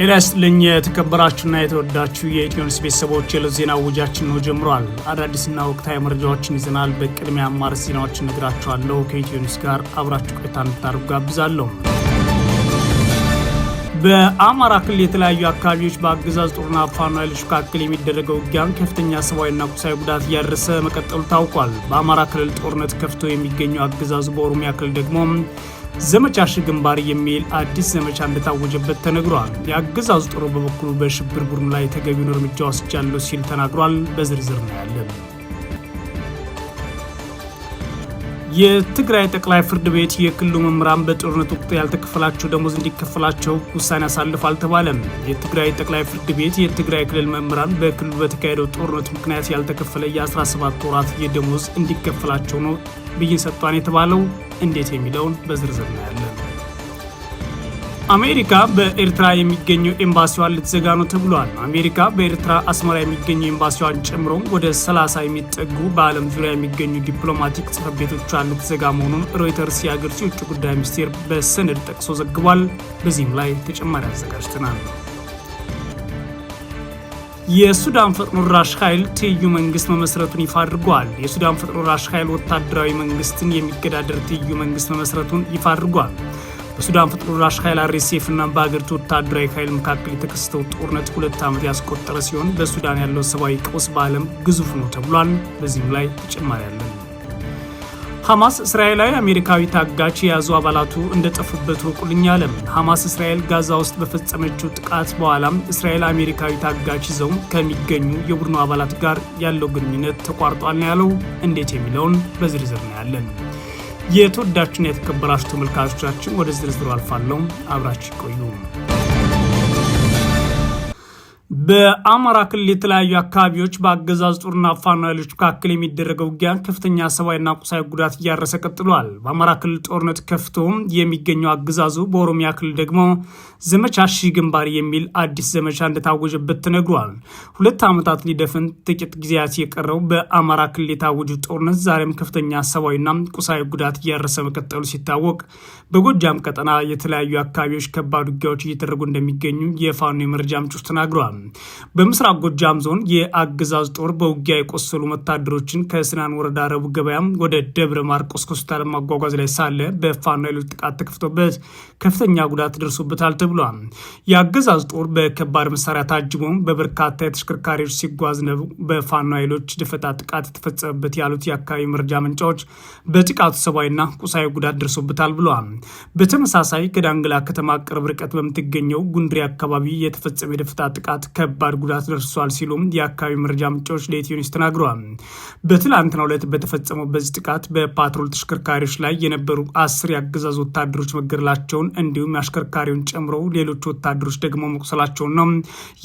ጤና ይስጥልኝ የተከበራችሁና የተወዳችሁ የኢትዮ ቤተሰቦች፣ የዕለት ዜና ውጃችን ነው ጀምሯል። አዳዲስና ወቅታዊ መረጃዎችን ይዘናል። በቅድሚያ አማርስ ዜናዎችን ነግራችኋለሁ። ከኢትዮ ጋር አብራችሁ ቆይታ እንድታደርጉ ጋብዛለሁ። በአማራ ክልል የተለያዩ አካባቢዎች በአገዛዝ ጦርና ፋኖ ኃይሎች መካከል የሚደረገው ውጊያም ከፍተኛ ሰብአዊና ቁሳዊ ጉዳት እያደረሰ መቀጠሉ ታውቋል። በአማራ ክልል ጦርነት ከፍቶ የሚገኘው አገዛዙ በኦሮሚያ ክልል ደግሞ ዘመቻ ሺህ ግንባር የሚል አዲስ ዘመቻ እንደታወጀበት ተነግሯል። የአገዛዙ ጦር በበኩሉ በሽብር ቡድኑ ላይ ተገቢውን እርምጃ ወስጃለሁ ሲል ተናግሯል። በዝርዝር ነው ያለን። የትግራይ ጠቅላይ ፍርድ ቤት የክልሉ መምህራን በጦርነት ወቅት ያልተከፈላቸው ደሞዝ እንዲከፈላቸው ውሳኔ አሳልፍ አልተባለም። የትግራይ ጠቅላይ ፍርድ ቤት የትግራይ ክልል መምህራን በክልሉ በተካሄደው ጦርነት ምክንያት ያልተከፈለ የ17 ወራት የደሞዝ እንዲከፈላቸው ነው ብይን ሰጥቷን የተባለው እንዴት የሚለውን በዝርዝር እናያለን። አሜሪካ በኤርትራ የሚገኘው ኤምባሲዋን ልትዘጋ ነው ተብሏል። አሜሪካ በኤርትራ አስመራ የሚገኙ ኤምባሲዋን ጨምሮ ወደ 30 የሚጠጉ በዓለም ዙሪያ የሚገኙ ዲፕሎማቲክ ጽሕፈት ቤቶቿን ልትዘጋ መሆኑን ሮይተርስ የአገሪቱ የውጭ ጉዳይ ሚኒስቴር በሰነድ ጠቅሶ ዘግቧል። በዚህም ላይ ተጨማሪ አዘጋጅተናል። የሱዳን ፈጥኖ ደራሽ ኃይል ትይዩ መንግስት መመስረቱን ይፋ አድርጓል። የሱዳን ፈጥኖ ደራሽ ኃይል ወታደራዊ መንግስትን የሚገዳደር ትይዩ መንግስት መመስረቱን ይፋ አድርጓል። በሱዳን ፈጥኖ ደራሽ ኃይል አርኤስኤፍ እና በሀገሪቱ ወታደራዊ ኃይል መካከል የተከሰተው ጦርነት ሁለት ዓመት ያስቆጠረ ሲሆን በሱዳን ያለው ሰብአዊ ቀውስ በዓለም ግዙፍ ነው ተብሏል። በዚህም ላይ ተጨማሪ ያለን ሐማስ እስራኤላዊ አሜሪካዊ ታጋች የያዙ አባላቱ እንደጠፉበት ወቁልኛ አለም። ሐማስ እስራኤል ጋዛ ውስጥ በፈጸመችው ጥቃት በኋላም እስራኤል አሜሪካዊ ታጋች ይዘው ከሚገኙ የቡድኑ አባላት ጋር ያለው ግንኙነት ተቋርጧል ነው ያለው። እንዴት የሚለውን በዝርዝር ነው ያለን። የተወዳችሁን የተከበራችሁ ተመልካቾቻችን ወደ ዝርዝሩ አልፋለሁ። አብራችሁ ቆዩ። በአማራ ክልል የተለያዩ አካባቢዎች በአገዛዝ ጦርና ፋኖ ኃይሎች መካከል የሚደረገው ውጊያ ከፍተኛ ሰብአዊና ቁሳዊ ጉዳት እያረሰ ቀጥሏል። በአማራ ክልል ጦርነት ከፍቶ የሚገኘው አገዛዙ በኦሮሚያ ክልል ደግሞ ዘመቻ ሺህ ግንባር የሚል አዲስ ዘመቻ እንደታወጀበት ተነግሯል። ሁለት ዓመታት ሊደፍን ጥቂት ጊዜያት የቀረው በአማራ ክልል የታወጁ ጦርነት ዛሬም ከፍተኛ ሰብአዊና ቁሳዊ ጉዳት እያረሰ መቀጠሉ ሲታወቅ፣ በጎጃም ቀጠና የተለያዩ አካባቢዎች ከባድ ውጊያዎች እየተደረጉ እንደሚገኙ የፋኖ የመረጃ ምንጮች ተናግረዋል። በምስራቅ ጎጃም ዞን የአገዛዝ ጦር በውጊያ የቆሰሉ ወታደሮችን ከስናን ወረዳ ረቡዕ ገበያም ወደ ደብረ ማርቆስ ሆስፒታል ማጓጓዝ ላይ ሳለ በፋኖ ኃይሎች ጥቃት ተከፍቶበት ከፍተኛ ጉዳት ደርሶበታል ተብሏል። የአገዛዝ ጦር በከባድ መሳሪያ ታጅቦም በበርካታ የተሽከርካሪዎች ሲጓዝ ነው በፋኖ ኃይሎች ደፈጣ ጥቃት የተፈጸመበት ያሉት የአካባቢ መረጃ ምንጫዎች በጥቃቱ ሰብአዊና ቁሳዊ ጉዳት ደርሶበታል ብለዋል። በተመሳሳይ ከዳንግላ ከተማ ቅርብ ርቀት በምትገኘው ጉንድሬ አካባቢ የተፈጸመ የደፈጣ ጥቃት ከባድ ጉዳት ደርሷል ሲሉም የአካባቢ መረጃ ምንጮች ለኢትዮ ኒውስ ተናግረዋል። በትላንትናው ዕለት በተፈጸመው በዚህ ጥቃት በፓትሮል ተሽከርካሪዎች ላይ የነበሩ አስር የአገዛዙ ወታደሮች መገደላቸውን እንዲሁም አሽከርካሪውን ጨምሮ ሌሎች ወታደሮች ደግሞ መቁሰላቸውን ነው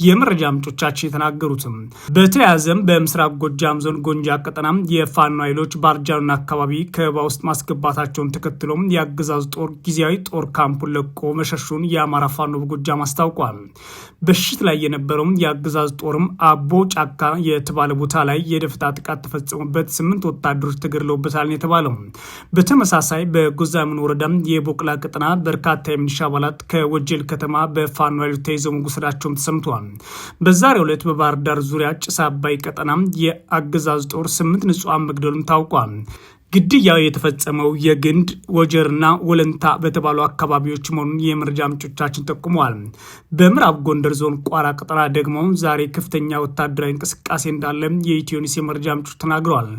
የመረጃ ምንጮቻችን የተናገሩትም። በተያያዘም በምስራቅ ጎጃም ዞን ጎንጃ ቀጠና የፋኖ ኃይሎች ባርጃኑን አካባቢ ከበባ ውስጥ ማስገባታቸውን ተከትሎም የአገዛዙ ጦር ጊዜያዊ ጦር ካምፑን ለቆ መሸሹን የአማራ ፋኖ በጎጃም አስታውቋል። በሽት ላይ የነበረውም የአገዛዝ ጦርም አቦ ጫካ የተባለ ቦታ ላይ የደፍታ ጥቃት ተፈጸሙበት ስምንት ወታደሮች ተገድለውበታል የተባለው። በተመሳሳይ በጎዛምን ወረዳ የቦቅላ ቀጠና በርካታ የሚኒሻ አባላት ከወጀል ከተማ በፋኖ ተይዘው መወሰዳቸውም ተሰምተዋል። በዛሬው ዕለት በባህር ዳር ዙሪያ ጭስ አባይ ቀጠና የአገዛዝ ጦር ስምንት ንጹሐን መግደሉም ታውቋል። ግድያው የተፈጸመው የግንድ ወጀርና ወለንታ በተባሉ አካባቢዎች መሆኑን የመረጃ ምንጮቻችን ጠቁመዋል። በምዕራብ ጎንደር ዞን ቋራ ቀጠና ደግሞ ዛሬ ከፍተኛ ወታደራዊ እንቅስቃሴ እንዳለ የኢትዮኒስ የመረጃ ምንጮች ተናግረዋል።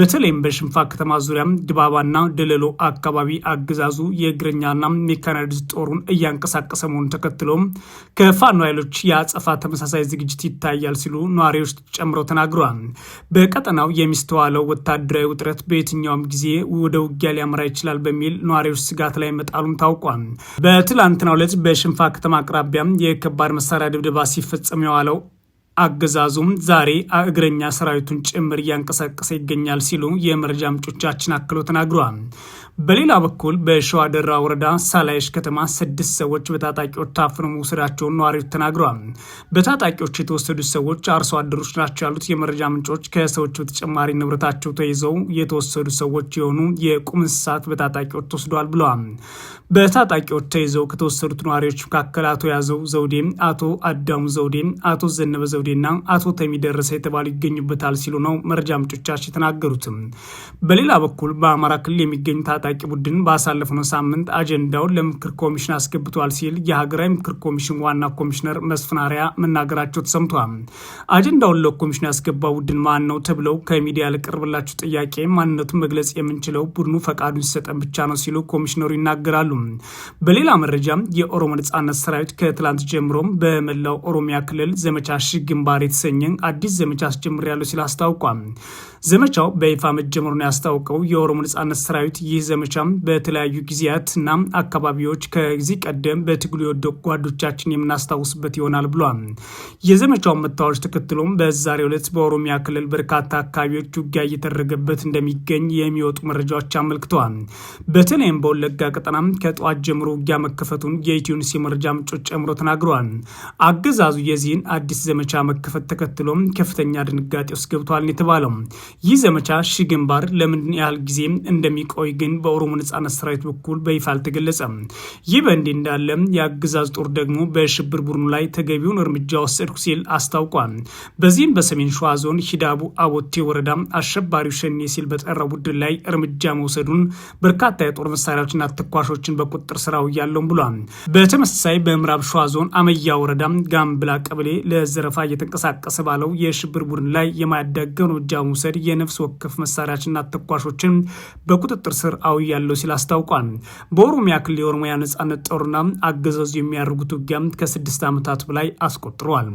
በተለይም በሽንፋ ከተማ ዙሪያም ድባባና ደለሎ አካባቢ አገዛዙ የእግረኛና ሜካናይዝድ ጦሩን እያንቀሳቀሰ መሆኑን ተከትሎም ከፋኖ ኃይሎች የአጸፋ ተመሳሳይ ዝግጅት ይታያል ሲሉ ነዋሪዎች ጨምረው ተናግረዋል። በቀጠናው የሚስተዋለው ወታደራዊ ውጥረት በየትኛው በየትኛውም ጊዜ ወደ ውጊያ ሊያመራ ይችላል በሚል ነዋሪዎች ስጋት ላይ መጣሉም ታውቋል። በትላንትናው ዕለት በሽንፋ ከተማ አቅራቢያም የከባድ መሳሪያ ድብደባ ሲፈጸም የዋለው አገዛዙም ዛሬ እግረኛ ሰራዊቱን ጭምር እያንቀሳቀሰ ይገኛል ሲሉ የመረጃ ምንጮቻችን አክሎ ተናግረዋል። በሌላ በኩል በሸዋ ደራ ወረዳ ሳላይሽ ከተማ ስድስት ሰዎች በታጣቂዎች ታፍነው መውሰዳቸውን ነዋሪዎች ተናግረዋል። በታጣቂዎች የተወሰዱት ሰዎች አርሶ አደሮች ናቸው ያሉት የመረጃ ምንጮች ከሰዎች በተጨማሪ ንብረታቸው ተይዘው የተወሰዱ ሰዎች የሆኑ የቁም እንስሳት በታጣቂዎች ተወስደዋል ብለዋል። በታጣቂዎች ተይዘው ከተወሰዱት ነዋሪዎች መካከል አቶ ያዘው ዘውዴ፣ አቶ አዳሙ ዘውዴ፣ አቶ ዘነበ ዘውዴና አቶ ተሚ ደረሰ የተባሉ ይገኙበታል ሲሉ ነው መረጃ ምንጮቻቸው የተናገሩትም። በሌላ በኩል በአማራ ክልል የሚገኙ ታጣ ታጣቂ ቡድን ባሳለፍነው ሳምንት አጀንዳውን ለምክር ኮሚሽን አስገብቷል ሲል የሀገራዊ ምክር ኮሚሽን ዋና ኮሚሽነር መስፍን አርአያ መናገራቸው ተሰምቷል። አጀንዳውን ለኮሚሽኑ ያስገባው ቡድን ማን ነው ተብለው ከሚዲያ ለቀረበላቸው ጥያቄ ማንነቱን መግለጽ የምንችለው ቡድኑ ፈቃዱን ሲሰጠን ብቻ ነው ሲሉ ኮሚሽነሩ ይናገራሉ። በሌላ መረጃም የኦሮሞ ነጻነት ሰራዊት ከትላንት ጀምሮም በመላው ኦሮሚያ ክልል ዘመቻ ሺህ ግንባር የተሰኘ አዲስ ዘመቻ አስጀምር ያለው ሲል አስታውቋል። ዘመቻው በይፋ መጀመሩን ያስታወቀው የኦሮሞ ነጻነት ሰራዊት ይህ ዘመቻም በተለያዩ ጊዜያትና አካባቢዎች ከዚህ ቀደም በትግሉ የወደቁ ጓዶቻችን የምናስታውስበት ይሆናል ብሏል። የዘመቻውን መታወች ተከትሎም በዛሬው ዕለት በኦሮሚያ ክልል በርካታ አካባቢዎች ውጊያ እየተደረገበት እንደሚገኝ የሚወጡ መረጃዎች አመልክተዋል። በተለይም በወለጋ ቀጠና ከጠዋት ጀምሮ ውጊያ መከፈቱን የኢትዮንስ የመረጃ ምንጮች ጨምሮ ተናግረዋል። አገዛዙ የዚህን አዲስ ዘመቻ መከፈት ተከትሎም ከፍተኛ ድንጋጤ ውስጥ ገብቷል የተባለው ይህ ዘመቻ ሺ ግንባር ለምንድን ያህል ጊዜ እንደሚቆይ ግን በኦሮሞ ነጻነት ሰራዊት በኩል በይፋ አልተገለጸም። ይህ በእንዲህ እንዳለ የአገዛዝ ጦር ደግሞ በሽብር ቡድኑ ላይ ተገቢውን እርምጃ ወሰድኩ ሲል አስታውቋል። በዚህም በሰሜን ሸዋ ዞን ሂዳቡ አቦቴ ወረዳ አሸባሪው ሸኔ ሲል በጠራው ቡድን ላይ እርምጃ መውሰዱን በርካታ የጦር መሳሪያዎችና ተኳሾችን በቁጥጥር ስር አውሏል ብሏል። በተመሳሳይ በምዕራብ ሸዋ ዞን አመያ ወረዳ ጋምብላ ቀበሌ ለዘረፋ እየተንቀሳቀሰ ባለው የሽብር ቡድን ላይ የማያዳግም እርምጃ መውሰድ የነፍስ ወከፍ መሳሪያችና ተኳሾችን በቁጥጥር ስር አውያለሁ ሲል አስታውቋል። በኦሮሚያ ክልል የኦሮሚያ ነጻነት ጦርና አገዛዙ የሚያደርጉት ውጊያም ከስድስት ዓመታት በላይ አስቆጥሯል።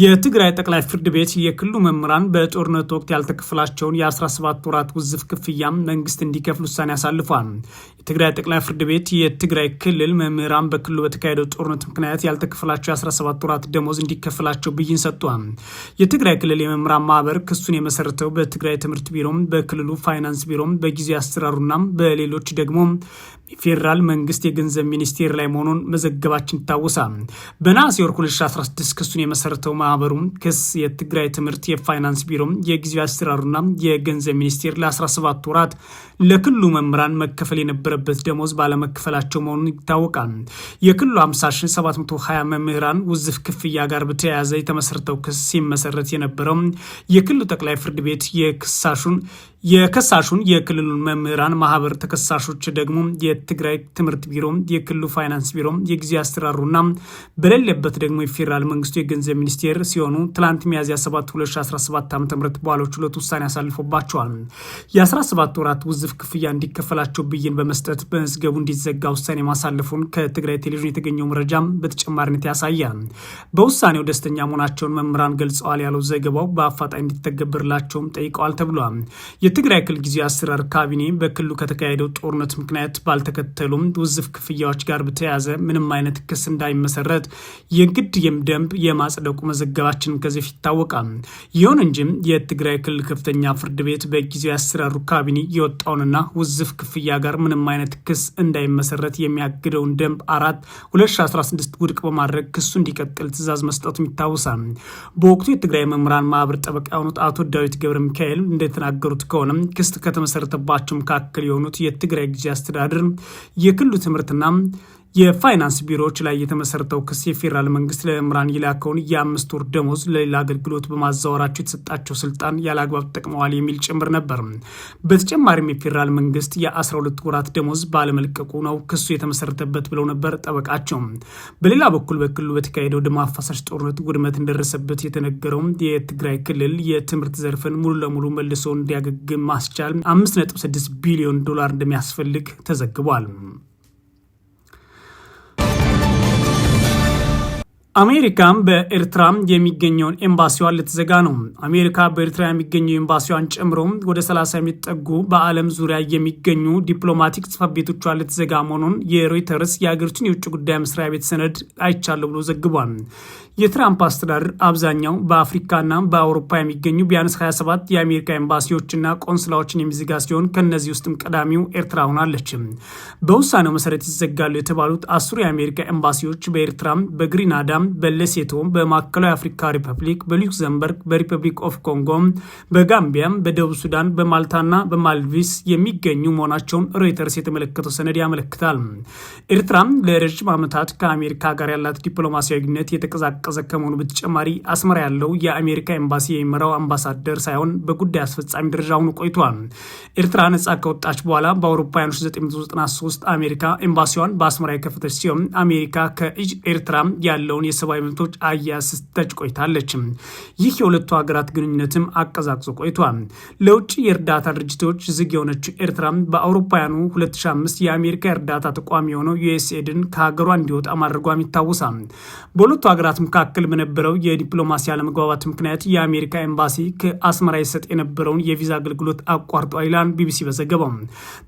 የትግራይ ጠቅላይ ፍርድ ቤት የክልሉ መምህራን በጦርነት ወቅት ያልተከፈላቸውን የ17 ወራት ውዝፍ ክፍያም መንግስት እንዲከፍል ውሳኔ አሳልፏል። የትግራይ ጠቅላይ ፍርድ ቤት የትግራይ ክልል መምህራን በክልሉ በተካሄደው ጦርነት ምክንያት ያልተከፈላቸው የ17 ወራት ደሞዝ እንዲከፈላቸው ብይን ሰጥቷል። የትግራይ ክልል የመምህራን ማህበር ክሱን የመሰረተው በትግራይ ትምህርት ቢሮም፣ በክልሉ ፋይናንስ ቢሮም፣ በጊዜ አሰራሩና በሌሎች ደግሞ ፌዴራል መንግስት የገንዘብ ሚኒስቴር ላይ መሆኑን መዘገባችን ይታወሳል። በነሐሴ ወር 2016 ክሱን የመሰረተው የመብቶቻቸው ማህበሩም ክስ የትግራይ ትምህርት የፋይናንስ ቢሮም የጊዜያዊ አስተዳደሩና የገንዘብ ሚኒስቴር ለ17 ወራት ለክልሉ መምህራን መከፈል የነበረበት ደሞዝ ባለመከፈላቸው መሆኑን ይታወቃል። የክልሉ 5720 መምህራን ውዝፍ ክፍያ ጋር በተያያዘ የተመሰረተው ክስ ሲመሰረት የነበረው የክልሉ ጠቅላይ ፍርድ ቤት የክሳሹን የከሳሹን የክልሉን መምህራን ማህበር ተከሳሾች ደግሞ የትግራይ ትምህርት ቢሮ፣ የክልሉ ፋይናንስ ቢሮ፣ የጊዜ አስተራሩና በሌለበት ደግሞ የፌዴራል መንግስቱ የገንዘብ ሚኒስቴር ሲሆኑ ትላንት ሚያዝያ 7 2017 ዓ ም በኋላው ችሎት ውሳኔ አሳልፎባቸዋል። የ17 ወራት ውዝፍ ክፍያ እንዲከፈላቸው ብይን በመስጠት በመዝገቡ እንዲዘጋ ውሳኔ ማሳለፉን ከትግራይ ቴሌቪዥን የተገኘው መረጃ በተጨማሪነት ያሳያል። በውሳኔው ደስተኛ መሆናቸውን መምህራን ገልጸዋል ያለው ዘገባው በአፋጣኝ እንዲተገበርላቸውም ጠይቀዋል ተብሏል። የትግራይ ክልል ጊዜ አስተዳደር ካቢኔ በክልሉ ከተካሄደው ጦርነት ምክንያት ባልተከተሉም ውዝፍ ክፍያዎች ጋር በተያያዘ ምንም አይነት ክስ እንዳይመሰረት የግድ ደንብ የማጽደቁ መዘገባችን ከዚህ ይታወቃል። ይሁን እንጂ የትግራይ ክልል ከፍተኛ ፍርድ ቤት በጊዜ አስተዳደሩ ካቢኔ የወጣውንና ውዝፍ ክፍያ ጋር ምንም አይነት ክስ እንዳይመሰረት የሚያግደውን ደንብ አራት 2016 ውድቅ በማድረግ ክሱ እንዲቀጥል ትእዛዝ መስጠቱም ይታወሳል። በወቅቱ የትግራይ መምህራን ማህበር ጠበቃ የሆኑት አቶ ዳዊት ገብረ ሚካኤል እንደተናገሩት ከሆነ ቢሆንም ክስ ከተመሰረተባቸው መካከል የሆኑት የትግራይ ጊዜ አስተዳደር የክልሉ ትምህርትና የፋይናንስ ቢሮዎች ላይ የተመሰረተው ክስ የፌዴራል መንግስት ለመምህራን የላከውን የአምስት ወር ደሞዝ ለሌላ አገልግሎት በማዛወራቸው የተሰጣቸው ስልጣን ያለ አግባብ ተጠቅመዋል የሚል ጭምር ነበር። በተጨማሪም የፌዴራል መንግስት የ12 ወራት ደሞዝ ባለመልቀቁ ነው ክሱ የተመሰረተበት ብለው ነበር ጠበቃቸው። በሌላ በኩል በክልሉ በተካሄደው ደም አፋሳሽ ጦርነት ውድመት እንደደረሰበት የተነገረው የትግራይ ክልል የትምህርት ዘርፍን ሙሉ ለሙሉ መልሶ እንዲያገግም ማስቻል 5.6 ቢሊዮን ዶላር እንደሚያስፈልግ ተዘግቧል። አሜሪካም በኤርትራ የሚገኘውን ኤምባሲዋን ልትዘጋ ነው። አሜሪካ በኤርትራ የሚገኘው ኤምባሲዋን ጨምሮ ወደ 30 የሚጠጉ በዓለም ዙሪያ የሚገኙ ዲፕሎማቲክ ጽፈት ቤቶቿን ልትዘጋ መሆኑን የሮይተርስ የሀገሪቱን የውጭ ጉዳይ መስሪያ ቤት ሰነድ አይቻለሁ ብሎ ዘግቧል። የትራምፕ አስተዳደር አብዛኛው በአፍሪካና በአውሮፓ የሚገኙ ቢያንስ 27 የአሜሪካ ኤምባሲዎችና ቆንስላዎችን የሚዘጋ ሲሆን ከእነዚህ ውስጥም ቀዳሚው ኤርትራ ሆናለች። በውሳኔው መሰረት ይዘጋሉ የተባሉት አስሩ የአሜሪካ ኤምባሲዎች በኤርትራ፣ በግሪናዳ፣ በሌሴቶ፣ በማዕከላዊ አፍሪካ ሪፐብሊክ፣ በሉክዘምበርግ፣ በሪፐብሊክ ኦፍ ኮንጎ፣ በጋምቢያ፣ በደቡብ ሱዳን፣ በማልታና በማልዲቭስ የሚገኙ መሆናቸውን ሮይተርስ የተመለከተው ሰነድ ያመለክታል። ኤርትራ ለረዥም ዓመታት ከአሜሪካ ጋር ያላት ዲፕሎማሲያዊ ግንኙነት የተቀዛቀ የተቀዛቀዘ ከመሆኑ በተጨማሪ አስመራ ያለው የአሜሪካ ኤምባሲ የሚመራው አምባሳደር ሳይሆን በጉዳይ አስፈጻሚ ደረጃ ሆኖ ቆይቷል። ኤርትራ ነጻ ከወጣች በኋላ በአውሮፓውያኑ 1993 አሜሪካ ኤምባሲዋን በአስመራ የከፈተች ሲሆን አሜሪካ ከኤርትራ ያለውን የሰብአዊ መብቶች አያያዝ ስትተች ቆይታለች። ይህ የሁለቱ ሀገራት ግንኙነትም አቀዛቅዞ ቆይቷል። ለውጭ የእርዳታ ድርጅቶች ዝግ የሆነችው ኤርትራ በአውሮፓውያኑ 2005 የአሜሪካ እርዳታ ተቋሚ የሆነው ዩኤስኤድን ከሀገሯ እንዲወጣ ማድረጓም ይታወሳል። በሁለቱ ሀገራት መካከል በነበረው የዲፕሎማሲ አለመግባባት ምክንያት የአሜሪካ ኤምባሲ ከአስመራ ይሰጥ የነበረውን የቪዛ አገልግሎት አቋርጧል ይላል ቢቢሲ በዘገበው።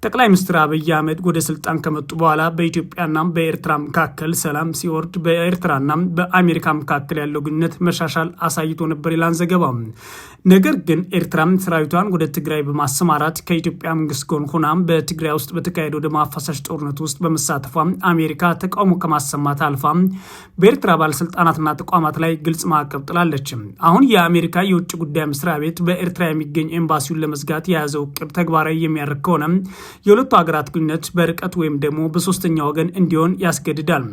ጠቅላይ ሚኒስትር አብይ አህመድ ወደ ስልጣን ከመጡ በኋላ በኢትዮጵያና በኤርትራ መካከል ሰላም ሲወርድ በኤርትራና በአሜሪካ መካከል ያለው ግንኙነት መሻሻል አሳይቶ ነበር ይላል ዘገባ። ነገር ግን ኤርትራም ሰራዊቷን ወደ ትግራይ በማሰማራት ከኢትዮጵያ መንግስት ጎን ሆና በትግራይ ውስጥ በተካሄደው ደም አፋሳሽ ጦርነት ውስጥ በመሳተፏ አሜሪካ ተቃውሞ ከማሰማት አልፋ በኤርትራ ባለስልጣናትና ተቋማት ላይ ግልጽ ማዕቀብ ጥላለች። አሁን የአሜሪካ የውጭ ጉዳይ መስሪያ ቤት በኤርትራ የሚገኝ ኤምባሲውን ለመዝጋት የያዘው እቅድ ተግባራዊ የሚያደርግ ከሆነ የሁለቱ ሀገራት ግንኙነት በርቀት ወይም ደግሞ በሶስተኛ ወገን እንዲሆን ያስገድዳል።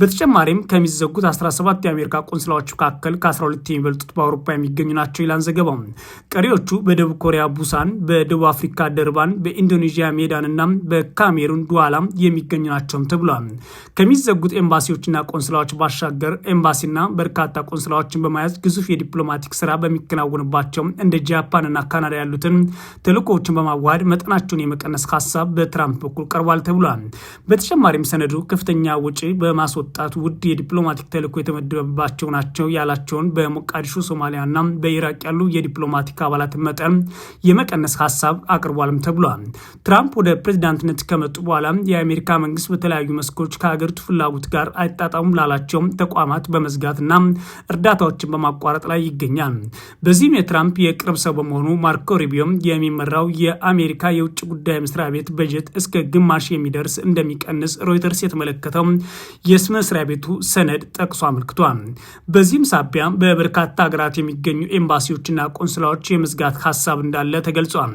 በተጨማሪም ከሚዘጉት 17 የአሜሪካ ቆንስላዎች መካከል ከ12 የሚበልጡት በአውሮፓ የሚገኙ ናቸው ይላል ዘገባው። ቀሪዎቹ በደቡብ ኮሪያ ቡሳን፣ በደቡብ አፍሪካ ደርባን፣ በኢንዶኔዥያ ሜዳንና በካሜሩን ዱዋላ የሚገኙ ናቸውም ተብሏል። ከሚዘጉት ኤምባሲዎችና ቆንስላዎች ባሻገር ኤምባሲና በርካታ ቆንስላዎችን በመያዝ ግዙፍ የዲፕሎማቲክ ስራ በሚከናወንባቸው እንደ ጃፓንና ካናዳ ያሉትን ተልእኮዎችን በማዋሃድ መጠናቸውን የመቀነስ ሀሳብ በትራምፕ በኩል ቀርቧል ተብሏል። በተጨማሪም ሰነዱ ከፍተኛ ውጪ በማስወጣት ውድ የዲፕሎማቲክ ተልእኮ የተመደበባቸው ናቸው ያላቸውን በሞቃዲሾ ሶማሊያና በኢራቅ ያሉ የዲፕሎማቲክ አባላት መጠን የመቀነስ ሀሳብ አቅርቧልም ተብሏል። ትራምፕ ወደ ፕሬዚዳንትነት ከመጡ በኋላ የአሜሪካ መንግስት በተለያዩ መስኮች ከሀገሪቱ ፍላጎት ጋር አይጣጣሙም ላላቸው ተቋማት በመዝጋት በመርዳትና እርዳታዎችን በማቋረጥ ላይ ይገኛል። በዚህም የትራምፕ የቅርብ ሰው በመሆኑ ማርኮ ሩቢዮም የሚመራው የአሜሪካ የውጭ ጉዳይ መስሪያ ቤት በጀት እስከ ግማሽ የሚደርስ እንደሚቀንስ ሮይተርስ የተመለከተው የመስሪያ ቤቱ ሰነድ ጠቅሶ አመልክቷል። በዚህም ሳቢያ በበርካታ ሀገራት የሚገኙ ኤምባሲዎችና ቆንስላዎች የመዝጋት ሀሳብ እንዳለ ተገልጿል።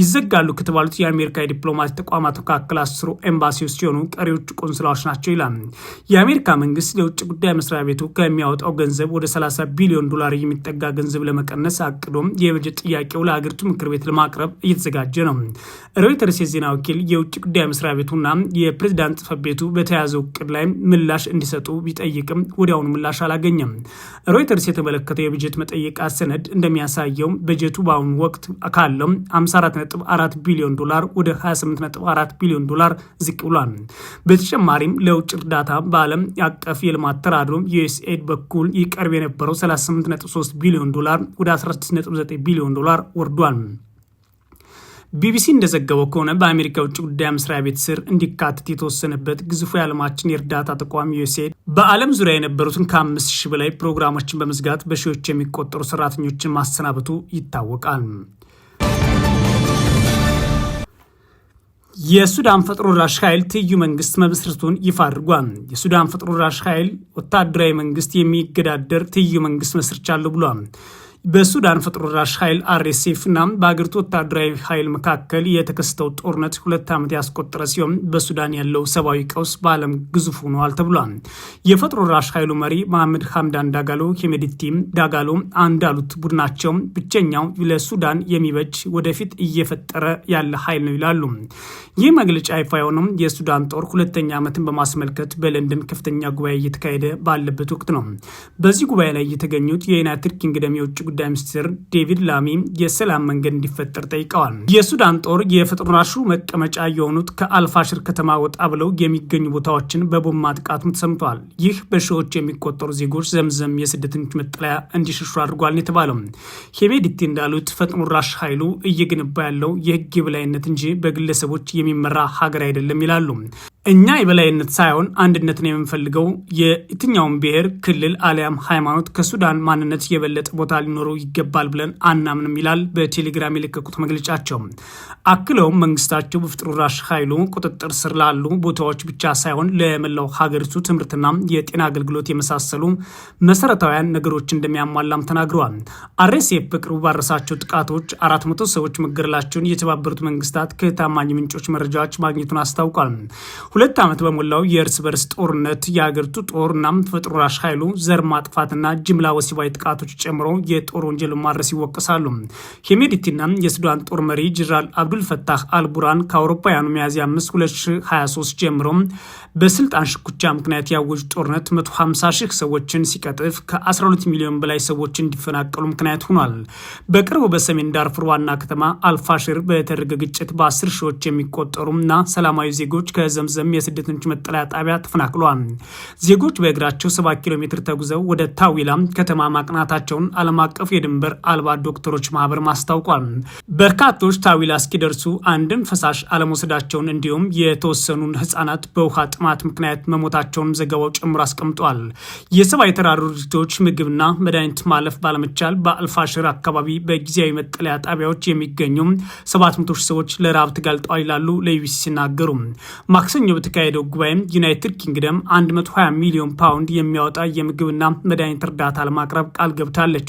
ይዘጋሉ ከተባሉት የአሜሪካ የዲፕሎማሲ ተቋማት መካከል አስሩ ኤምባሲዎች ሲሆኑ ቀሪዎቹ ቆንስላዎች ናቸው ይላል። የአሜሪካ መንግስት የውጭ ጉዳይ መስሪያ ቤቱ ከሚ የሚያወጣው ገንዘብ ወደ 30 ቢሊዮን ዶላር የሚጠጋ ገንዘብ ለመቀነስ አቅዶም የበጀት ጥያቄው ለሀገሪቱ ምክር ቤት ለማቅረብ እየተዘጋጀ ነው። ሮይተርስ የዜና ወኪል የውጭ ጉዳይ መስሪያ ቤቱና የፕሬዚዳንት ጽፈት ቤቱ በተያዘው እቅድ ላይ ምላሽ እንዲሰጡ ቢጠይቅም ወዲያውኑ ምላሽ አላገኘም። ሮይተርስ የተመለከተው የበጀት መጠየቃ ሰነድ እንደሚያሳየው በጀቱ በአሁኑ ወቅት ካለው 544 ቢሊዮን ዶላር ወደ 284 ቢሊዮን ዶላር ዝቅ ብሏል። በተጨማሪም ለውጭ እርዳታ በዓለም አቀፍ የልማት ተራድሮ ዩኤስኤድ በኩል ይቀርብ የነበረው 38.3 ቢሊዮን ዶላር ወደ 16.9 ቢሊዮን ዶላር ወርዷል። ቢቢሲ እንደዘገበው ከሆነ በአሜሪካ ውጭ ጉዳይ መስሪያ ቤት ስር እንዲካተት የተወሰነበት ግዙፉ የዓለማችን የእርዳታ ተቋም ዩኤስኤድ በዓለም ዙሪያ የነበሩትን ከአምስት ሺህ በላይ ፕሮግራሞችን በመዝጋት በሺዎች የሚቆጠሩ ሰራተኞችን ማሰናበቱ ይታወቃል። የሱዳን ፈጥኖ ደራሽ ኃይል ትይዩ መንግስት መመስረቱን ይፋ አድርጓል። የሱዳን ፈጥኖ ደራሽ ኃይል ወታደራዊ መንግስት የሚገዳደር ትይዩ መንግስት መስርቻለሁ ብሏል። በሱዳን ፈጥኖ ደራሽ ኃይል አርኤስኤፍ እና በአገሪቱ ወታደራዊ ኃይል መካከል የተከሰተው ጦርነት ሁለት ዓመት ያስቆጠረ ሲሆን በሱዳን ያለው ሰብአዊ ቀውስ በዓለም ግዙፍ ሆኗል ተብሏል። የፈጥኖ ደራሽ ኃይሉ መሪ መሐመድ ሐምዳን ዳጋሎ ሄሜድቲ ዳጋሎ አንዳሉት ቡድናቸው ብቸኛው ለሱዳን የሚበጅ ወደፊት እየፈጠረ ያለ ኃይል ነው ይላሉ። ይህ መግለጫ ይፋ የሆነው የሱዳን ጦር ሁለተኛ ዓመትን በማስመልከት በለንደን ከፍተኛ ጉባኤ እየተካሄደ ባለበት ወቅት ነው። በዚህ ጉባኤ ላይ የተገኙት የዩናይትድ ኪንግደም የውጭ ጉዳይ ሚኒስትር ዴቪድ ላሚ የሰላም መንገድ እንዲፈጠር ጠይቀዋል። የሱዳን ጦር የፈጥኖራሹ መቀመጫ የሆኑት ከአልፋሽር ከተማ ወጣ ብለው የሚገኙ ቦታዎችን በቦማ ጥቃቱም ተሰምተዋል። ይህ በሺዎች የሚቆጠሩ ዜጎች ዘምዘም የስደተኞች መጠለያ እንዲሸሹ አድርጓል የተባለው ሄሜዲቲ እንዳሉት ፈጥኖራሽ ኃይሉ እየገነባ ያለው የህግ የበላይነት እንጂ በግለሰቦች የሚመራ ሀገር አይደለም ይላሉ። እኛ የበላይነት ሳይሆን አንድነትን የምንፈልገው የትኛውን ብሔር፣ ክልል አሊያም ሃይማኖት ከሱዳን ማንነት የበለጠ ቦታ ሊኖ ሊኖረው ይገባል ብለን አናምንም ይላል በቴሌግራም የለቀቁት መግለጫቸው። አክለውም መንግስታቸው በፍጥሩ ራሽ ኃይሉ ቁጥጥር ስር ላሉ ቦታዎች ብቻ ሳይሆን ለመላው ሀገሪቱ ትምህርትና የጤና አገልግሎት የመሳሰሉ መሰረታዊያን ነገሮች እንደሚያሟላም ተናግረዋል። አርኤስኤፍ በቅርቡ ባረሳቸው ጥቃቶች አራት መቶ ሰዎች መገደላቸውን የተባበሩት መንግስታት ከታማኝ ምንጮች መረጃዎች ማግኘቱን አስታውቋል። ሁለት ዓመት በሞላው የእርስ በርስ ጦርነት የሀገሪቱ ጦርና ፈጥኖ ራሽ ኃይሉ ዘር ማጥፋትና ጅምላ ወሲባዊ ጥቃቶች ጨምሮ ጦር ወንጀል ማድረስ ይወቀሳሉ። ሄሜዲቲና የሱዳን ጦር መሪ ጀነራል አብዱልፈታህ አልቡራን ከአውሮፓውያኑ ሚያዝያ 5 2023 ጀምሮ በስልጣን ሽኩቻ ምክንያት ያወጁት ጦርነት 150 ሺህ ሰዎችን ሲቀጥፍ ከ12 ሚሊዮን በላይ ሰዎች እንዲፈናቀሉ ምክንያት ሆኗል። በቅርቡ በሰሜን ዳርፉር ዋና ከተማ አልፋሽር በተደረገ ግጭት በ10 ሺዎች እና ሰላማዊ ዜጎች ከዘምዘም የስደተኞች መጠለያ ጣቢያ ተፈናቅሏል። ዜጎች በእግራቸው 7 ኪሎ ሜትር ተጉዘው ወደ ታዊላ ከተማ ማቅናታቸውን ዓለም አቀፍ አቀፍ የድንበር አልባ ዶክተሮች ማህበር ማስታውቋል። በርካቶች ታዊላ እስኪደርሱ አንድም ፈሳሽ አለመውሰዳቸውን እንዲሁም የተወሰኑን ህጻናት በውሃ ጥማት ምክንያት መሞታቸውን ዘገባው ጨምሮ አስቀምጧል። የሰብአዊ ተራድኦ ድርጅቶች ምግብና መድኃኒት ማለፍ ባለመቻል በአልፋሽር አካባቢ በጊዜያዊ መጠለያ ጣቢያዎች የሚገኙም 700 ሰዎች ለረሃብ ተጋልጠዋል ይላሉ ለዩቢሲ ሲናገሩ። ማክሰኞ በተካሄደው ጉባኤም ዩናይትድ ኪንግደም 120 ሚሊዮን ፓውንድ የሚያወጣ የምግብና መድኃኒት እርዳታ ለማቅረብ ቃል ገብታለች።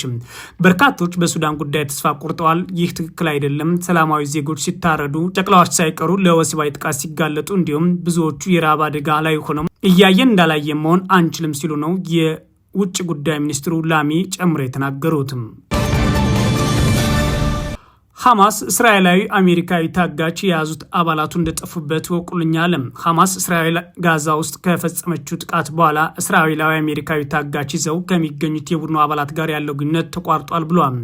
በርካቶች በሱዳን ጉዳይ ተስፋ ቆርጠዋል። ይህ ትክክል አይደለም። ሰላማዊ ዜጎች ሲታረዱ፣ ጨቅላዎች ሳይቀሩ ለወሲባዊ ጥቃት ሲጋለጡ፣ እንዲሁም ብዙዎቹ የረሃብ አደጋ ላይ ሆነው እያየን እንዳላየ መሆን አንችልም ሲሉ ነው የውጭ ጉዳይ ሚኒስትሩ ላሚ ጨምሮ የተናገሩትም። ሐማስ እስራኤላዊ አሜሪካዊ ታጋች የያዙት አባላቱ እንደጠፉበት ወቁልኛ አለም። ሐማስ እስራኤል ጋዛ ውስጥ ከፈጸመችው ጥቃት በኋላ እስራኤላዊ አሜሪካዊ ታጋች ይዘው ከሚገኙት የቡድኑ አባላት ጋር ያለው ግንኙነት ተቋርጧል ብሏል።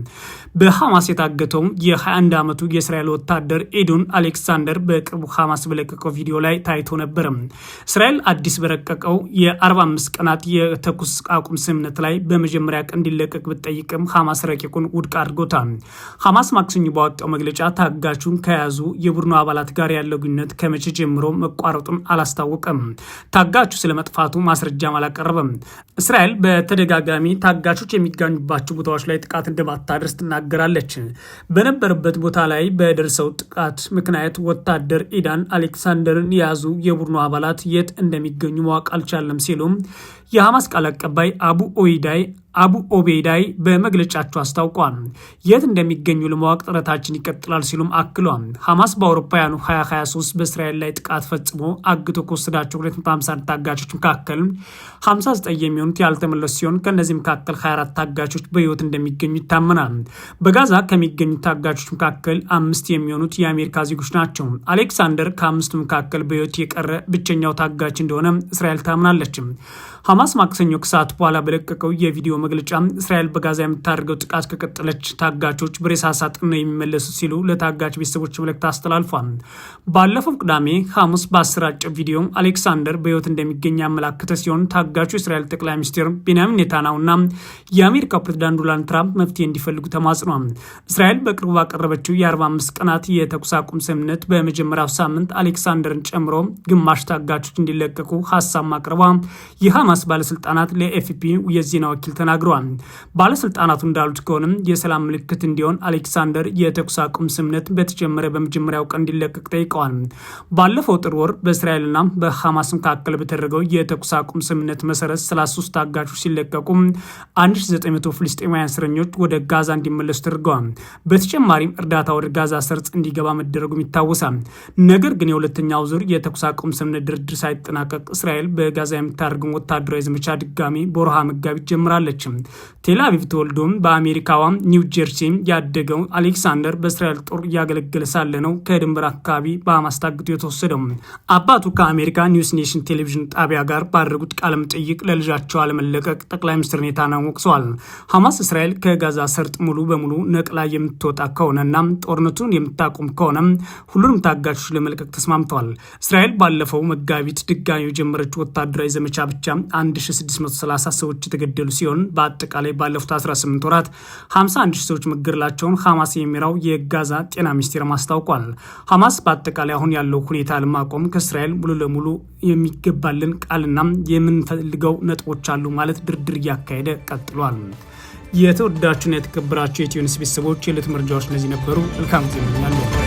በሐማስ የታገተውም የ21 ዓመቱ የእስራኤል ወታደር ኤዶን አሌክሳንደር በቅርቡ ሐማስ በለቀቀው ቪዲዮ ላይ ታይቶ ነበር። እስራኤል አዲስ በረቀቀው የ45 ቀናት የተኩስ አቁም ስምምነት ላይ በመጀመሪያ ቀን እንዲለቀቅ ብትጠይቅም ሐማስ ረቂቁን ውድቅ አድርጎታል። ሐማስ ማክሰኞ ባወጣው መግለጫ ታጋቹን ከያዙ የቡድኑ አባላት ጋር ያለው ግንኙነት ከመቼ ጀምሮ መቋረጡን አላስታወቀም። ታጋቹ ስለ መጥፋቱ ማስረጃም አላቀረበም። እስራኤል በተደጋጋሚ ታጋቾች የሚገኙባቸው ቦታዎች ላይ ጥቃት እንደማታደርስ ትናገራለች። በነበረበት ቦታ ላይ በደርሰው ጥቃት ምክንያት ወታደር ኢዳን አሌክሳንደርን የያዙ የቡድኑ አባላት የት እንደሚገኙ ማወቅ አልቻለም ሲሉም የሐማስ ቃል አቀባይ አቡ ኦይዳይ አቡ ኦቤዳይ በመግለጫቸው አስታውቋል። የት እንደሚገኙ ለማወቅ ጥረታችን ይቀጥላል ሲሉም አክሏል። ሐማስ በአውሮፓውያኑ 2023 በእስራኤል ላይ ጥቃት ፈጽሞ አግቶ ከወሰዳቸው 250 ታጋቾች መካከል 59 የሚሆኑት ያልተመለሱ ሲሆን ከእነዚህ መካከል 24 ታጋቾች በህይወት እንደሚገኙ ይታመናል። በጋዛ ከሚገኙ ታጋቾች መካከል አምስት የሚሆኑት የአሜሪካ ዜጎች ናቸው። አሌክሳንደር ከአምስቱ መካከል በህይወት የቀረ ብቸኛው ታጋች እንደሆነ እስራኤል ታምናለችም። ሐማስ ማክሰኞ ከሰዓት በኋላ በለቀቀው የቪዲዮ መግለጫ እስራኤል በጋዛ የምታደርገው ጥቃት ከቀጠለች ታጋቾች በሬሳ ሳጥን ነው የሚመለሱ ሲሉ ለታጋች ቤተሰቦች መልእክት አስተላልፏል። ባለፈው ቅዳሜ ሐሙስ በአሰራጨው ቪዲዮ አሌክሳንደር በሕይወት እንደሚገኝ ያመላከተ ሲሆን ታጋቹ የእስራኤል ጠቅላይ ሚኒስትር ቤንያሚን ኔታናው እና የአሜሪካ ፕሬዚዳንት ዶናልድ ትራምፕ መፍትሄ እንዲፈልጉ ተማጽኗል። እስራኤል በቅርቡ ባቀረበችው የ45 ቀናት የተኩስ አቁም ስምምነት በመጀመሪያው ሳምንት አሌክሳንደርን ጨምሮ ግማሽ ታጋቾች እንዲለቀቁ ሀሳብ ማቅረቧ የሐማስ የሐማስ ባለስልጣናት ለኤፍፒ የዜና ወኪል ተናግረዋል። ባለስልጣናቱ እንዳሉት ከሆነም የሰላም ምልክት እንዲሆን አሌክሳንደር የተኩስ አቁም ስምነት በተጀመረ በመጀመሪያው ቀን እንዲለቀቅ ጠይቀዋል። ባለፈው ጥር ወር በእስራኤልና በሐማስ መካከል በተደረገው የተኩስ አቁም ስምነት መሰረት 33 አጋቾች ሲለቀቁ 1900 ፍልስጤማውያን እስረኞች ወደ ጋዛ እንዲመለሱ ተደርገዋል። በተጨማሪም እርዳታ ወደ ጋዛ ሰርጽ እንዲገባ መደረጉም ይታወሳል። ነገር ግን የሁለተኛው ዙር የተኩስ አቁም ስምነት ድርድር ሳይጠናቀቅ እስራኤል በጋዛ የምታደርገውን ወታደ ወታደራዊ ዘመቻ ድጋሚ በወርሃ መጋቢት ጀምራለች። ቴላቪቭ ተወልዶም በአሜሪካዋ ኒው ጀርሲ ያደገው አሌክሳንደር በእስራኤል ጦር እያገለገለ ሳለ ነው ከድንበር አካባቢ በሐማስ ታግቶ የተወሰደው። አባቱ ከአሜሪካ ኒውስ ኔሽን ቴሌቪዥን ጣቢያ ጋር ባደረጉት ቃለ መጠይቅ ለልጃቸው አለመለቀቅ ጠቅላይ ሚኒስትር ኔታንያሁ ወቅሰዋል። ሐማስ እስራኤል ከጋዛ ሰርጥ ሙሉ በሙሉ ነቅላ የምትወጣ ከሆነና ጦርነቱን የምታቆም ከሆነ ሁሉንም ታጋቾች ለመልቀቅ ተስማምተዋል። እስራኤል ባለፈው መጋቢት ድጋሚ የጀመረችው ወታደራዊ ዘመቻ ብቻ 1630 ሰዎች የተገደሉ ሲሆን በአጠቃላይ ባለፉት 18 ወራት 51 ሺህ ሰዎች መገደላቸውን ሐማስ የሚራው የጋዛ ጤና ሚኒስቴር አስታውቋል። ሐማስ በአጠቃላይ አሁን ያለው ሁኔታ ለማቆም ከእስራኤል ሙሉ ለሙሉ የሚገባልን ቃልና የምንፈልገው ነጥቦች አሉ ማለት ድርድር እያካሄደ ቀጥሏል። የተወዳችሁና የተከበራችሁ የኢትዮ ኒውስ ቤተሰቦች የዕለት መረጃዎች እነዚህ ነበሩ። መልካም ጊዜ